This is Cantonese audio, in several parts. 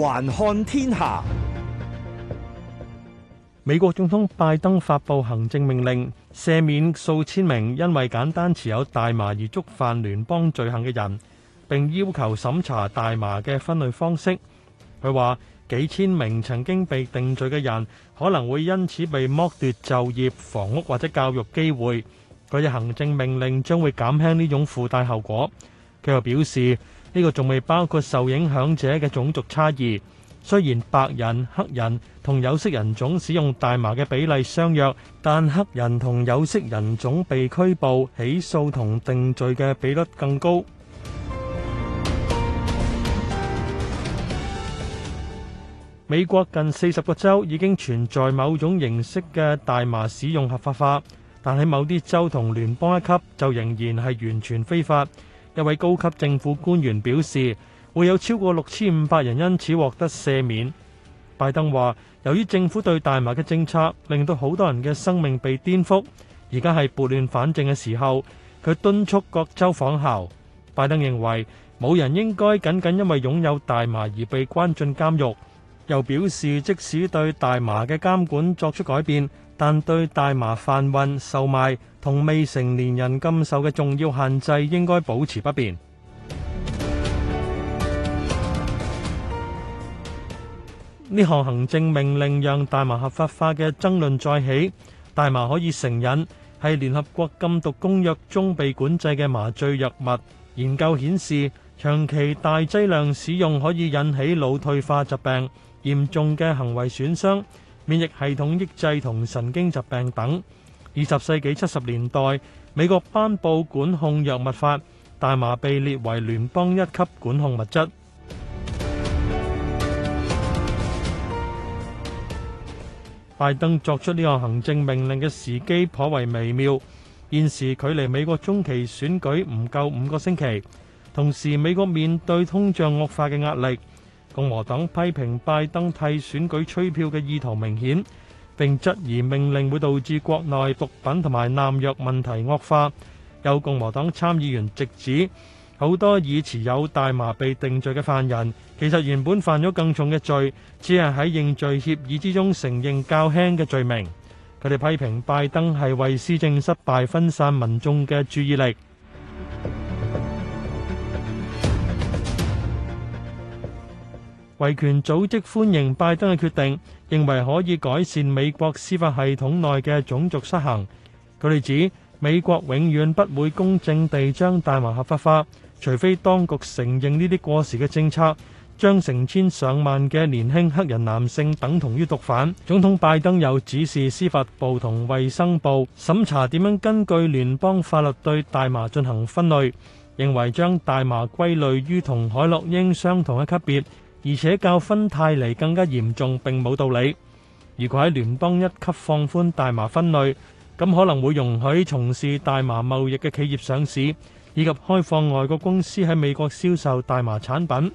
環看天下，美國總統拜登發佈行政命令，赦免數千名因為簡單持有大麻而觸犯聯邦罪行嘅人，並要求審查大麻嘅分類方式。佢話幾千名曾經被定罪嘅人可能會因此被剝奪就業、房屋或者教育機會。佢嘅行政命令將會減輕呢種附帶後果。佢又表示。呢個仲未包括受影響者嘅種族差異。雖然白人、黑人同有色人種使用大麻嘅比例相若，但黑人同有色人種被拘捕、起訴同定罪嘅比率更高。美國近四十個州已經存在某種形式嘅大麻使用合法化，但喺某啲州同聯邦一級就仍然係完全非法。一位高級政府官員表示，會有超過六千五百人因此獲得赦免。拜登話：由於政府對大麻嘅政策，令到好多人嘅生命被顛覆，而家係撥亂反正嘅時候，佢敦促各州仿效。拜登認為，冇人應該僅僅因為擁有大麻而被關進監獄。又表示，即使對大麻嘅監管作出改變，但對大麻販運售賣同未成年人禁售嘅重要限制應該保持不變。呢項 行，行政命令讓大麻合法化嘅爭論再起。大麻可以成癮，係聯合國禁毒公約中被管制嘅麻醉藥物。研究顯示，長期大劑量使用可以引起腦退化疾病。嚴重嘅行為損傷、免疫系統抑制同神經疾病等。二十世紀七十年代，美國頒布管控藥物法，大麻被列為聯邦一級管控物質。拜登作出呢項行政命令嘅時機頗為微妙。現時距離美國中期選舉唔夠五個星期，同時美國面對通脹惡化嘅壓力。共和黨批評拜登替選舉吹票嘅意圖明顯，並質疑命令會導致國內毒品同埋濫藥問題惡化。有共和黨參議員直指，好多以持有大麻被定罪嘅犯人，其實原本犯咗更重嘅罪，只係喺認罪協議之中承認較輕嘅罪名。佢哋批評拜登係為施政失敗分散民眾嘅注意力。維權組織歡迎拜登嘅決定，認為可以改善美國司法系統內嘅種族失衡。佢哋指美國永遠不會公正地將大麻合法化，除非當局承認呢啲過時嘅政策，將成千上萬嘅年輕黑人男性等同於毒犯。總統拜登又指示司法部同衞生部審查點樣根據聯邦法律對大麻進行分類，認為將大麻歸類於同海洛英相同嘅級別。而且較芬太尼更加嚴重並冇道理。如果喺聯邦一級放寬大麻分類，咁可能會容許從事大麻貿易嘅企業上市，以及開放外國公司喺美國銷售大麻產品。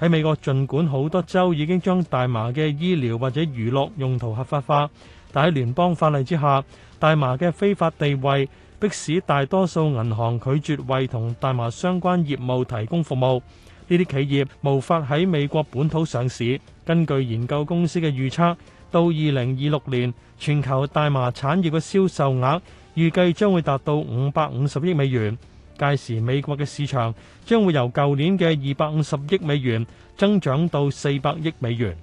喺美國盡管好多州已經將大麻嘅醫療或者娛樂用途合法化，但喺聯邦法例之下，大麻嘅非法地位迫使大多數銀行拒絕為同大麻相關業務提供服務。呢啲企業無法喺美國本土上市。根據研究公司嘅預測，到二零二六年，全球大麻產業嘅銷售額預計將會達到五百五十億美元。屆時，美國嘅市場將會由舊年嘅二百五十億美元增長到四百億美元。